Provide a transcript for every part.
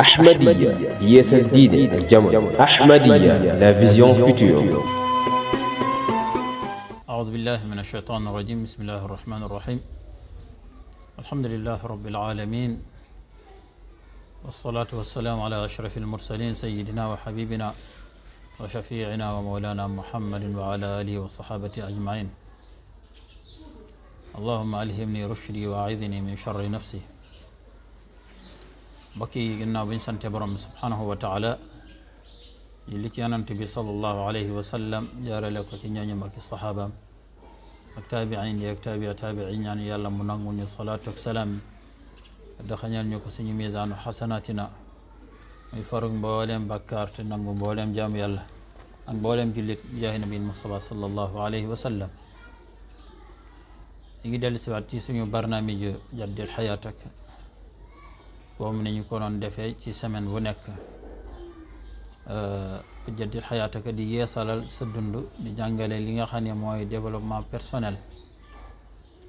أحمدية Yeseldine et الجمل أحمدية لا فيزيون فيتور أعوذ بالله من الشيطان الرجيم بسم الله الرحمن الرحيم الحمد لله رب العالمين والصلاة والسلام على أشرف المرسلين سيدنا وحبيبنا وشفيعنا ومولانا محمد وعلى آله وصحابته أجمعين اللهم ألهمني رشدي وأعذني من شر نفسي mbokk yi ginnaaw bi ñu sante borom subhanahu wa taala julli ci yonent bi sallallahu alayhi wa sallam jaarale ko ci ñooñu ak saxaabaam ak taabiin yi ak taabia taabiin ñaan yàlla mu nangul ñu salaatu ak salaam daxañal ñu ko suñu misaanu xasanatina muy farug mbooleem bakkaar te nangu mbooleem jaamu yàlla ak mbooleem jullit jaahi nabil mustafa sallallahu alayhi wa sallam ñu ngi dellu siwaat ci suñu barnaamiju jaddil xayaat comme ni ñu ko doon defee ci semaine bu nekk euh, jaddit xayaataka di yeesalal sa dund di jàngale li nga xam ne mooy développement personnel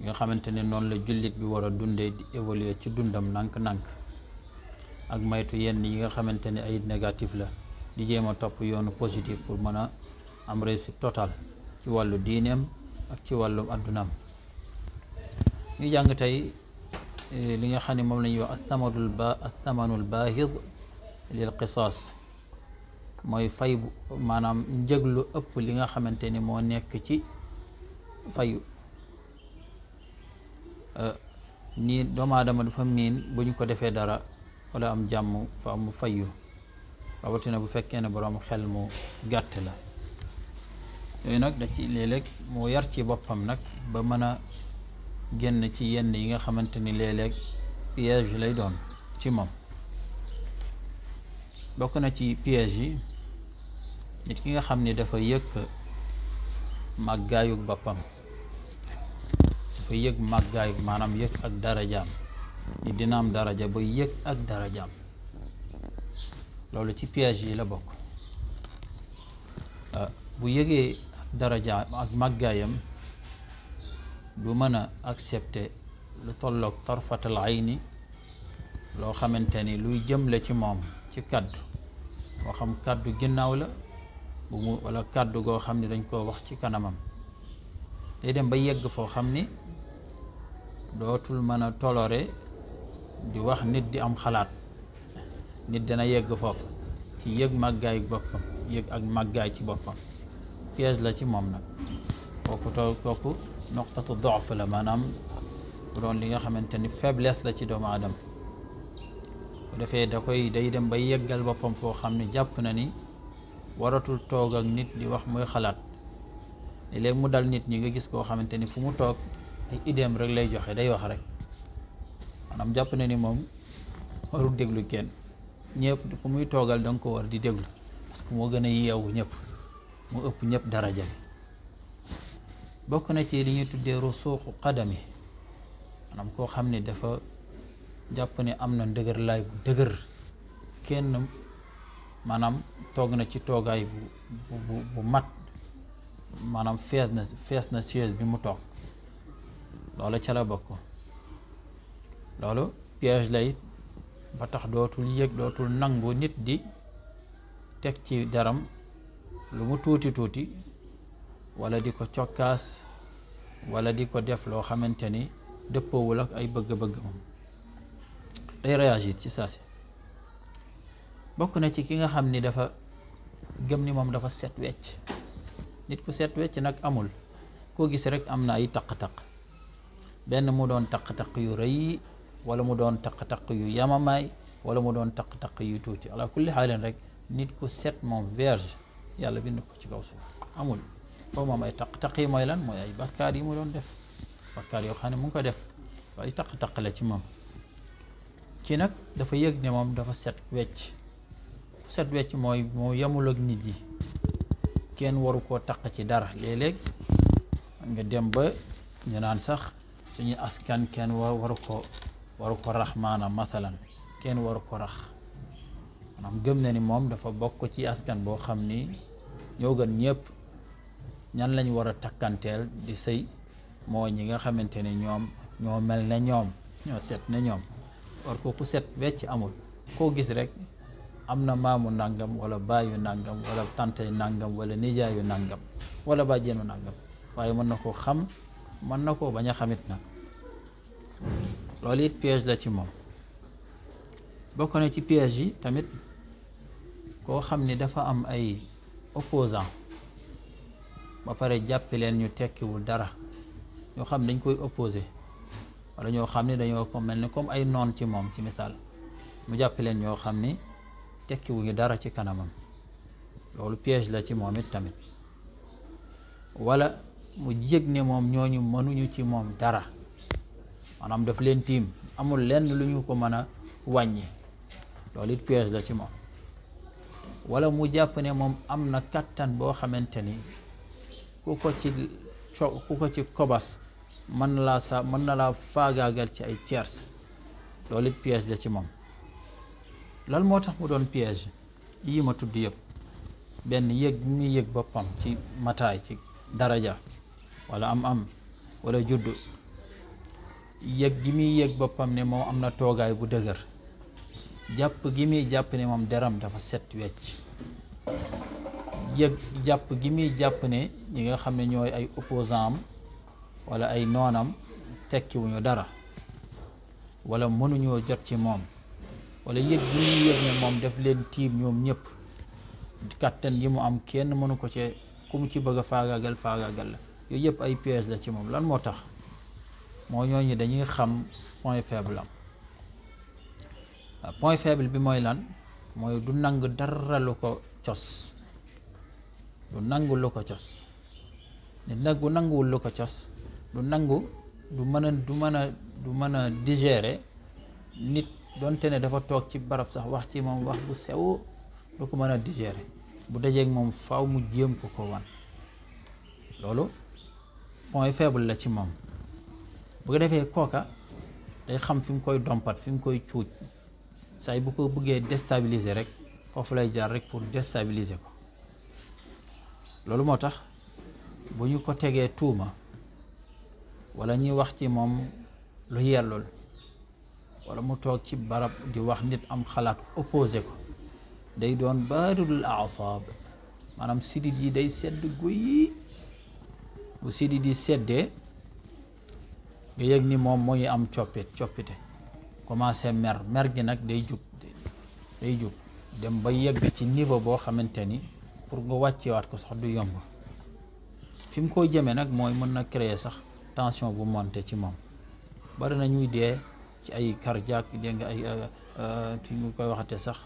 nga xamante ne noonu la jullit bi war a dundee di évoluer ci dundam nànk-nànk ak maytu yenn yi nga xamante ne ay négatif la di jéem a topp yoonu positif pour mën a am réussite totale ci wàllu diineem ak ci wàllu addunaam ñu jàng tey اللي نيا خاني مام نيو الثمر الب الثمن الباهظ للقصاص ماي فاي ما نام نجعلو أب اللي نيا خامن تاني مو نيا كتشي فايو ني دوما دام دفهم مين بني كده في دارا ولا أم جامو فأم فايو رابطنا بفكينا برام خل مو قاتلة هناك دتي ليلك مو يرتي بفهم نك بمنا génn ci yenn yi nga xamante ni léeg-léeg piège lay doon ci moom bokk na ci piège yi nit ki nga xam ni dafa yëg màggaayug boppam dafa yëg màggaayug maanaam yëg ak darajaam ni dina am daraja ba yëg ak darajaam loolu ci piège yi la bokk ah, bu yëgee darajaam ak màggaayam du mën a accepter lu tolloog ay ni loo xamante ni luy jëmle ci moom ci kàddu koo xam kàddu ginnaaw la bu mu wala kàddu goo xam ni dañ koo wax ci kanamam day dem ba yegg foo xam ni dootul mën a tolore di wax nit di am xalaat nit dana yegg foofu ci yëg màggaay boppam yëg ak màggaay ci boppam piège la ci moom nag kooku too kooku noqtatu dof la maanaam bu doon li nga xamante ni faiblesse la ci doomu aadama bu defee da koy day dem ba yeggal boppam foo xam ne na ni waratul toog ak nit di wax muy xalaat léeg mu dal nit ñi nga gis koo xamante ni fu mu toog ay idéem rek lay joxe day wax rek maanaam jàpp na ni moom warul déglu kenn ñëpp ku muy ko war di deglu parce que moo gën a yeewu ñëpp ëpp daraja bokk na ci li ñuy tuddee rusuuxu qadami maanaam koo xam ne dafa jàpp ni am na ndëgër laay bu dëgër kenn maanaam toog na ci toogaay bu bu bu mat maanaam fees na fees na siège bi mu toog loolu ca la bokk loolu piège lay ba tax dootul yëg dootul nangu nit di teg ci daram lu mu tuuti tuuti wala di ko cokkaas wala di ko def loo xamante ni dëppoowul ak ay bëgg-bëgg moom day réagir ci saa si bokk na ci ki nga xam ni dafa gëm ni moom dafa set wecc nit ku set wecc nag amul koo gis rek am na ay taq-taq benn mu doon taq-taq yu rëy wala mu doon taq-taq yu yamamaay wala mu doon taq-taq yu tuuti ala kulli xaalin rek nit ku set moom vierge yàlla bind ko ci kaw suuf amul foofu moom ay taq-taq yi mooy lan mooy ay bakkaar yi mu doon def bakkaar yoo xam ne mu ngi ko def ay taq-taq la ci moom ci nak dafa yëg ne moom dafa set wetch set wetch mooy moo yemul ak nit yi kenn waru ko taq ci dara léeg-léeg nga dem ba ñu naan sax suñu askan kenn waru ko waru ko rax masalan kenn waru ko rah maanaam gem na ni moom dafa bokk ci askan bo xam ni ñoo gën ñëpp ñan lañu war a takkanteel di sëy moo ñi nga xamante ne ñoom ñoo mel ne ñoom ñoo set ne ñoom or ko ku set wecc amul koo gis rek am na maamu ndàngam wala baayu ndàngam wala tante nangam wala nijaayu ndàngam wala bàjjenu nangam waaye mën na koo xam mën na ko bañ a xamit nag loolu it piège la ci moom bokk na ci piège yi tamit koo xam ni dafa am ay opposant ba pare jàppi leen ñu tekkiwul dara ñoo xam dañ koy opposé wala ñoo xam ne dañoo ko mel ni comme ay noon ci moom ci misaal mu jàppi leen ñoo xam ni tekkiwuñu dara ci kanamam loolu piège la ci moom it tamit wala mu yëg ne moom ñooñu mënuñu ci moom dara maanaam daf leen tiim amul lenn lu ñu ko mën a wàññi loolu it piège la ci moom wala mu jàpp ne moom am na kattan boo xamante ni ku ko ci co kobas mën na laa sa mën na laa faagaagal ci ay tiers loolu it piège la ci moom lan moo tax mu doon piège yii ma tudd yépp benn yëg mi yëg boppam ci mataay ci daraja wala am am wala juddu yëg gi muy yëg boppam ne moom am na toogaay bu dëgër jàpp gi muy jàpp ne moom deram dafa set wecc yëg jàpp gi muy jàpp ne ñi nga xam ne ñooy ay opposant am wala ay noonam tekkiwuñu dara wala mënuñoo jot ci moom wala yëg gi muy yëg ne moom def leen tiim ñoom ñëpp kàttan yi mu am kenn mënu ko ci ku mu ci bëgg a faagaagal faagaagal la yooyu yëpp ay piège la ci moom lan moo tax moo ñooñu dañuy xam point faible am point faible bi mooy lan mooy du nang dara ko cos du nangu ko cos nit nag bu nanguwul lu ko cos du nangu du mën a du mën a du mën a digérer nit donte ne dafa toog ci barab sax wax ci moom wax bu sew du ko mën a digérer bu dajeek moom faw mu jéem ko ko wan loolu mooy faible la ci moom bu ko defee kooka day xam fi mu koy dompat fi mu koy cuuj saay bu ko buggee déstabiliser rek foofu lay jaar rek pour déstabiliser ko lolou motax buñu ko tegee tuuma wala ñi wax ci mom lu yellul wala mu tok ci barab di wax nit am xalaat opposé ko day doon barul a'sab manam sidit yi day sedd guuy bu sidit yi seddee nga yëg ni mom moy am coppit ciopité commencé mer mer gi nak day juk day juk dem ba yegg ci niveau bo xamanteni pour nga waat ko sax du yomb fi mu koy jëmee nag mooy mën na créer sax tension bu monté ci moom bari na ñuy dee ci ay cardiaque dégg nga ay euh, euh, fi ñu koy waxte sax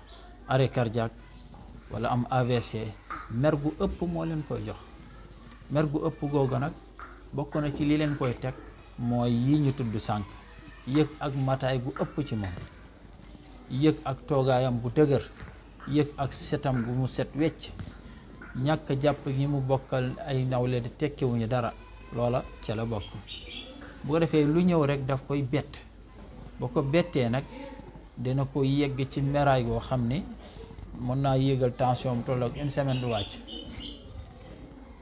arrêt cardiaque wala am AVC mer gu ëpp moo leen koy jox mer gu ëpp googu nag bokk na ci li leen koy teg moo yi ñu tudd sànk yëg ak mataay gu ëpp ci moom yëg ak toogaayam bu dëgër yëg ak setam bu mu set wecc ñàkk jàpp gi mu bokkal ay nawle di tekkiwuñu dara loola ca la bokk boo defee lu ñëw rek daf koy bett ba ko bettee nag dina ko yegg ci meraay goo xam ni mën naa yëgal tension mu toll ak une semaine du wàcc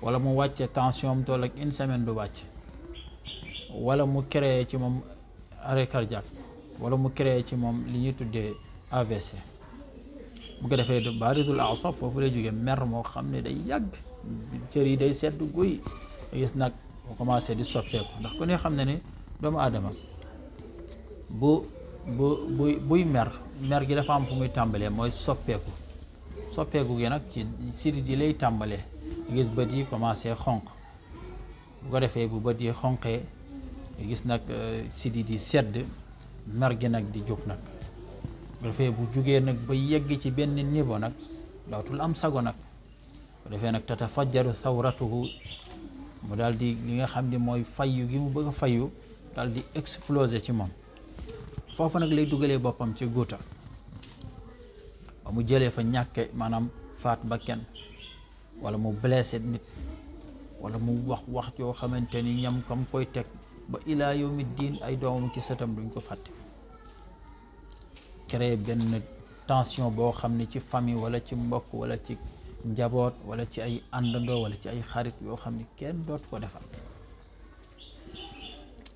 wala mu wàcce tension mu toll ak une semaine du wàcc wala mu créé ci moom arrêt cardiaque wala mu créé ci moom li ñuy tuddee AVC bu ko defee baaridul asab foofu lay jógee mer moo xam ne day yàgg cër yi day sedd guy gis nag mu commencé di soppeeku ndax ku ne xam ne ne doomu aadama bu bu buy buy mer mer gi dafa am fu muy tàmbalee mooy soppeeku soppeeku gi nag ci sirit yi lay tàmbalee gis bët yi commencé xonq bu ko defee bu bët yi xonqee gis nag sirit euh, di sedd mer gi nag di jóg nag bu defee bu jugee nag ba yegg ci benn nivo nag dootul am sago nag bu defee nag tatafajjaru sawratuhu mu daal di li nga xam ne mooy fayyu gi mu bëgg a fayyu dal di explosé ci moom foofu nag lay dugalee boppam ci guuta ba mu jëlee fa ñàkke maanaam faat ba kenn wala mu blessé nit wala mu wax wax joo xamante ni ñam kam koy teg ba ilaa yawmi diin ay doomam ci sëtam duñ ko fàtte créer benn tension boo xam ne ci famille wala ci mbokk wala ci njaboot wala ci ay àndandoo walla ci ay xarit yoo xam ne kenn dootu ko defal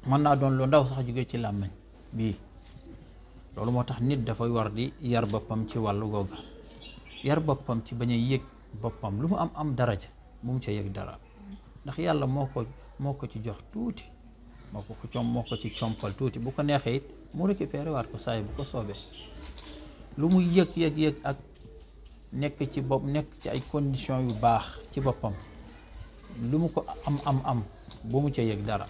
mën naa doon lu ndaw sax a jóge ci làmmiñ bii loolu moo tax nit dafay war di yar boppam ci wàllu googa yar boppam ci bañ a yëg boppam lu mu am am daraja bu mu ca yëg dara ndax yàlla moo ko moo ko ci jox tuuti moo ko moo ci compal tuuti bu ko neexee mu récupéré waat ko saay bu ko soobee lu mu yëg yëg yëg ak nekk ci bopp nekk ci ay conditions yu baax ci boppam lu mu ko am am am bu mu ca yëg dara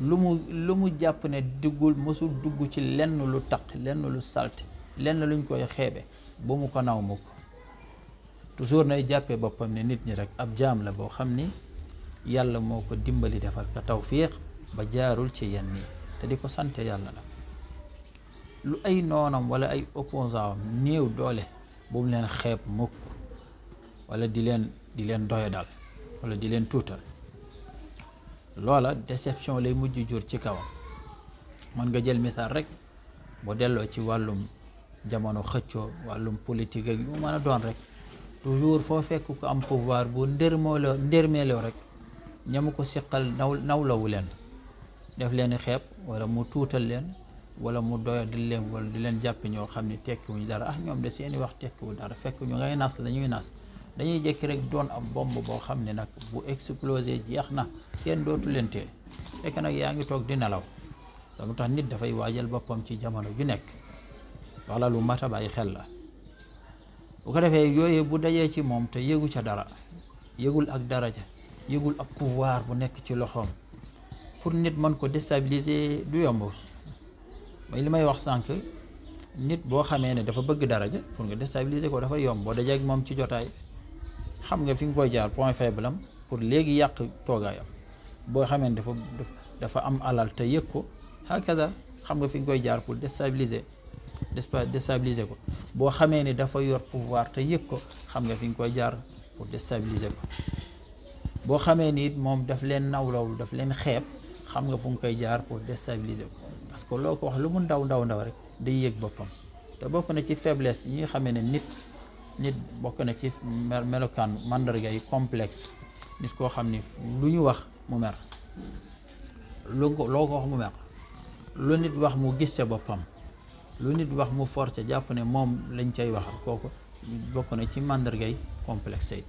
lu mu lu mu jàpp ne duggul mësul dugg ci lenn lu taq lenn lu salte lenn luñ koy xeebe bu mu ko naw mukk toujours nay jàppee boppam ne nit ñi rek ab jaam la boo xam ni yàlla moo ko dimbali defal ka tawfiq ba jaarul ci yenn yi te di ko sante yàlla nag lu ay noonam wala ay opposant néew doole bu mu leen xeeb mukk wala di leen di leen doya dal wala di leen tuutal loola déception lay mujj jur ci kawam mën nga jël misaal rek boo delloo ci wàllum jamono xëccoo wàllum politique ak mu mën a doon rek toujours foo fekk ku am pouvoir bu ndërmeeloo ndërmeeloo rek ñamu ko siqal naw nawlawu leen def leen xeeb wala mu tuutal leen wala mu doyadil leen wala di leen jàpp ñoo xam ne tekkiwuñu dara ah ñoom de seeni wax tekkiwu dara fekk ñu ngay nas la nas dañuy jekki rek doon ab bomb boo xam ne nag bu explosé jeex na kenn dootu leen tee fekk nag yaa ngi toog di nelaw dama tax nit dafay waajal boppam ci jamono ju nekk wala lu mata a bàyyi xel la bu ko defee yooyu bu dajee ci moom te yëgu ca dara yëgul ak dara ja yëgul ak pouvoir bu nekk ci loxoom pour nit mën ko déstabiliser du yomb mooy li may wax sànq nit boo xamee ne dafa bëgg daraja pour nga déstabiliser ko dafa yomb boo dajee moom ci jotaay xam nga fi nga koy jaar point faible am pour léegi yàq toogaayam boo xamee dafa dafa am alal te ko hakaza xam nga fi nga koy jaar pour déstabiliser déstabiliser ko boo xamee ne dafa yor pouvoir te yëg ko xam nga fi nga koy jaar pour déstabiliser ko boo xamee ni it moom daf leen nawlawul daf leen xeeb xam nga fu nga koy jaar pour déstabiliser ko parce que loo ko wax lu mu ndaw ndaw ndaw rek day yëg boppam te bokk na ci faiblesse yi nga xamee ne nit nit bokk na ci melokaan mandarga yi complexe nit koo xam ni lu ñu wax mu mer lu loo wax mu mer lu nit wax mu gis ca boppam lu nit wax mu for ca jàpp ne moom lañ cay waxal kooku bokk na ci mandargay complexe yi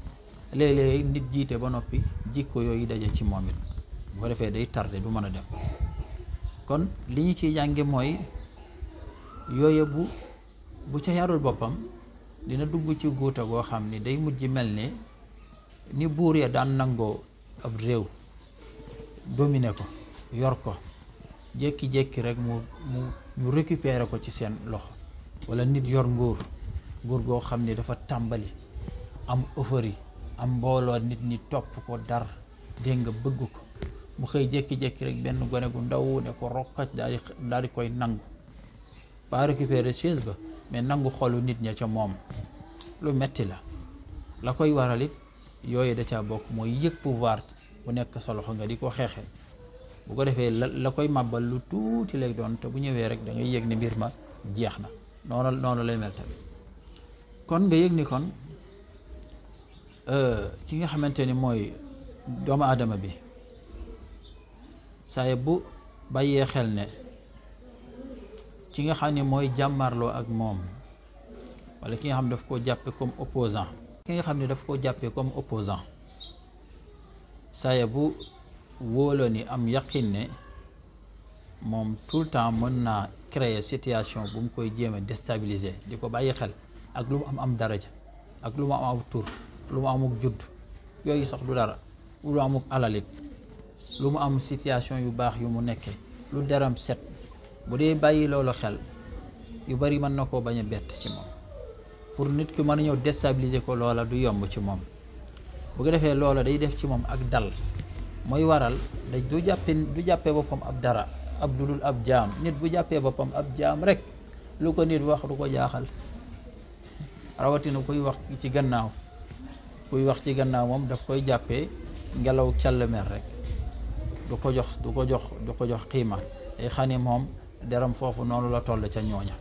léeg-léeg nit jiite ba noppi jikko yooyu daje ci moom it bu ko defee day tardé du mën a dem kon li ñu ciy jànge mooy yooye bu bu ca yarul boppam dina dugg ci guuta goo xam ni day mujj mel ne ni buur ya daan nangoo ab réew dominer ko yor ko jékki-jékki rek mu mu ñu récupérer ko ci seen loxo wala nit yor nguur nguur goo xam ni dafa tàmbali am ëffëri am mbooloo nit ñi topp ko dar dégg bëgg ko mu xëy jékki-jékki rek benn gone gu ndaw ne ko rokkac daal di daal di koy nangu ba récupérer chaise ba mais nangu xolu nit ña ca moom lu metti la la koy waral it yooyu da caa bokk mooy yëg pouvoir bu nekk solo loxo nga di ko xeexee bu ko defee la la koy màbbal lu tuuti lay doon te bu ñëwee rek da ngay yëg ni mbir ma jeex na noonu noonu lay mel kon nga yëg ni kon euh, ki nga xamante ni mooy doomu aadama bi saa baye xelne ci nga xam moy jamarlo ak mom wala ki nga xam daf ko jàppe comme opposant ki nga xam daf ko jàppe comme opposant saa wolo ni am yaqin ne moom tout temps mën na créer situation bu mu koy jema déstabiliser diko baye xel ak lu mu am am daraja ak lu am am tur lu mu amuk judd yoy sax du dara lu mu amuk alalit lu mu am situation yu baax yu mu nekkee lu deram set bu dee bàyyi loolu xel yu bari mën na koo bañ a bett ci moom pour nit ki mën a ñëw déstabiliser ko loola du yomb ci moom bu ko defee loola day def ci moom ak dal mooy waral da du jàppe du jàppee boppam ab dara ab dul ab jaam nit bu jàppee boppam ab jaam rek lu ko nit wax du ko jaaxal rawatina kuy wax ci gannaaw kuy wax ci gannaaw moom daf koy jàppee ngelaw càll mer rek du ko jox du ko jox du ko jox xiima day xani moom deram foofu noonu la toll ca ñooña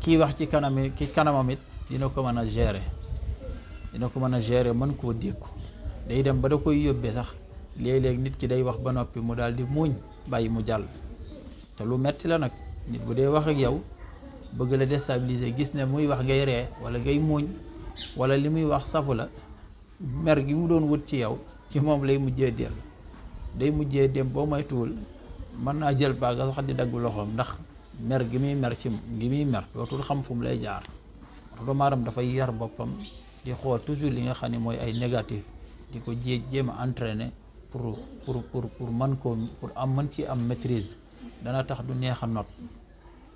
kiy wax ci kanami ki kanamamit dina ko mën a gere dina ko mën a gérer mën koo dékku day dem ba da koy yóbbee sax léeg-léeg nit ki day wax ba noppi mu daal di muñ bàyyi mu jàll te lu metti la nag nit bu dee wax ak yow bëgg la déstabiliser gis ne muy wax ngay ree wala ngay muñ wala li muy wax safu la mer gi mu doon wut ci yow ci moom lay mujjee dellu day mujje dem boo moytuwul mën naa jël baaga sax di daggu loxoom ndax mer gi muy mer ci gi muy mer dootul xam fu mu lay jaar doomu aadama dafay yar boppam di xool toujours li nga xam ne mooy ay négatif di ko jé jéem a entraîner pour pour pour pour mën koo pour am man ci am maîtrise dana tax du neex a not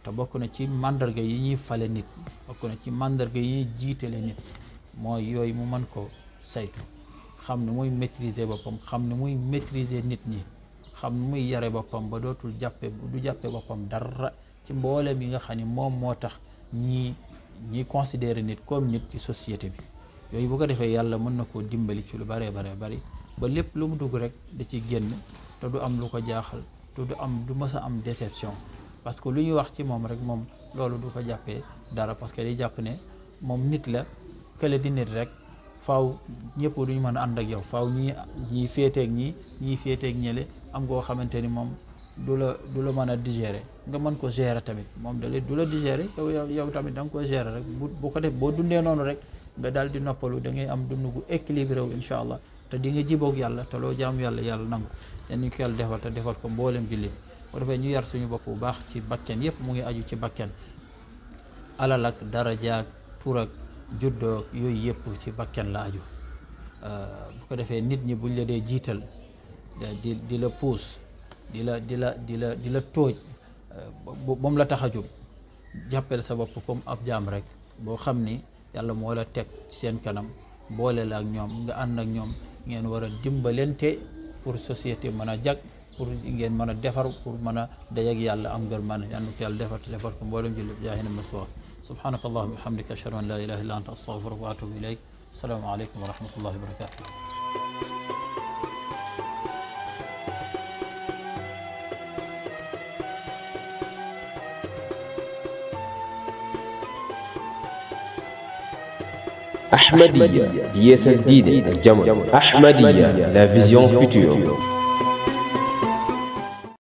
te bokk na ci màndarga yi ñuy fale nit bokk na ci màndarga yi ñuy jiitale nit mooy yooyu mu man ko saytu xam ne muy maîtriser boppam xam ne muy maîtriser nit ñi xam ne muy yare boppam ba dootul jàppee du jàppee boppam dara ci mboolem yi nga xam ne moom moo tax ñi ñiy considérer nit comme nit ci société bi yooyu bu ko defee yàlla mën na koo dimbali ci lu baree baree bari ba lépp lu mu dugg rek da ci génn te du am lu ko jaaxal te du am du mës a am déception parce que lu ñuy wax ci moom rek moom loolu du ko jàppee dara parce que day jàpp ne moom nit la kële di nit rek faaw ñepp duñu mëna and ak yow faaw ñi ñii féeteeg ñi fété ak ñële am goo xamante ni moom du la digérer nga mën ko gérer tamit mom dale dula digérer yow yow tamit dang ko gérer rek bu ko def bo dundé nonu rek nga dal di noppalu da ngay am dundu gu équilibré wu inshallah té di nga jiboog yàlla te loo jaam yàlla yalla nangu te ni ko yàlla defal té defal ko mbolém julli bu dafa ñu yar suñu bop bu baax ci bakken yépp mu ngi aju ci bakken alal daraja turak juddoo yooyu yëpp ci bakken la aju euh, bu ko defee nit ñi buñ la dee jiital euh, di di la puus di la di la di la di la tóoj euh, ba la tax a jóg jàppale sa bopp comme ab jaam rek boo xam ni yàlla moo la teg seen kanam boole la ak ñoom nga ànd ak ñoom ngeen war a dimbalante pour société mën a jag pour ngeen mën a defar pour mën a dajag yàlla am ngër mën a yàlla defar defar ko mboolem jullit jaaxina masuwa سبحانك اللهم وبحمدك أشهد أن لا إله إلا أنت أستغفرك وأتوب إليك السلام عليكم ورحمة الله وبركاته احمديه Ahmadiyya, Yes الجمل احمديه لا فيزيون فيتور